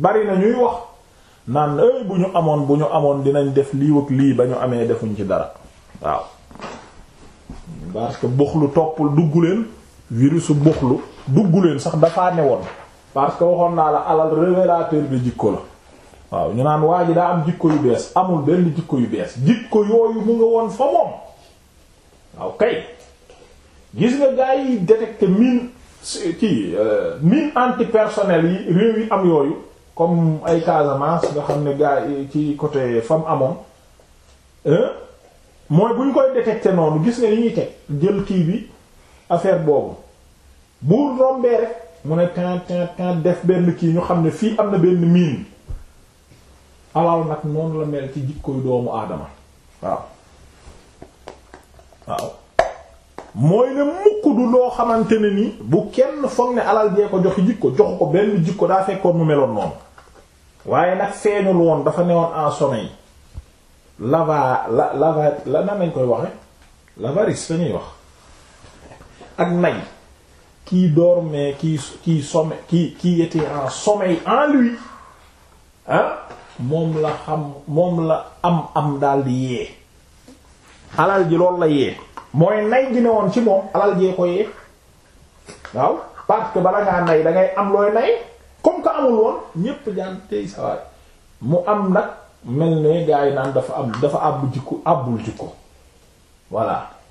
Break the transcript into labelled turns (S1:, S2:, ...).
S1: bari na ñuy wax naan ay bu ñu amoon bu ñu amoon dinañ def lii lii ba ñu amee defuñ ci dara waaw parce que buxlu toppul dugg leen virusu buxlu dugg leen sax dafaa ne woon parce que waxoon naa la alal révélateur de jikko la waaw ñu naan waa ji daa am jikko yu bees amul benn jikko yu bees jikko yooyu mu nga woon fa moom waaw kay gis nga gaa yi détecté mine ci euh, mine antipersonnel yi réew yi am yooyu comme ay Casamance nga xam ne gars yi ci côté femme amoon mooy buñ koy détecté noonu gis ne li ñuy teg jël kii bi affaire boobu bu rombee rek mu ne tin tin tin def benn kii ñu xam ne fii am na benn mine alal nag noonu la mel ci jikkoy doomu aadama waaw waaw mooy ne mukk du loo xamante ne ni bu kenn foog ne alal jee ko joxi jikko joxu ko benn jikko daa fekkoon mu meloon noonu waaye nag feeñul woon dafa newoon en sommeil lava la lava la nan lañ koy waxe l'avarice lañuy wax ak nay qui dormait qui qui somme qui qui était en sommeil en lui ah moom la xam moom la am am dal di yee alal ji loolu la yee mooy nay gi ne woon ci moom alal jee ko yee waaw parce que bala ngaa nay dangay am looy nay comme que amul woon ñépp jaan tey sawaay mu am nag mel ne gaa yi naan dafa am dafa àbb jikko àbbul jikko voilà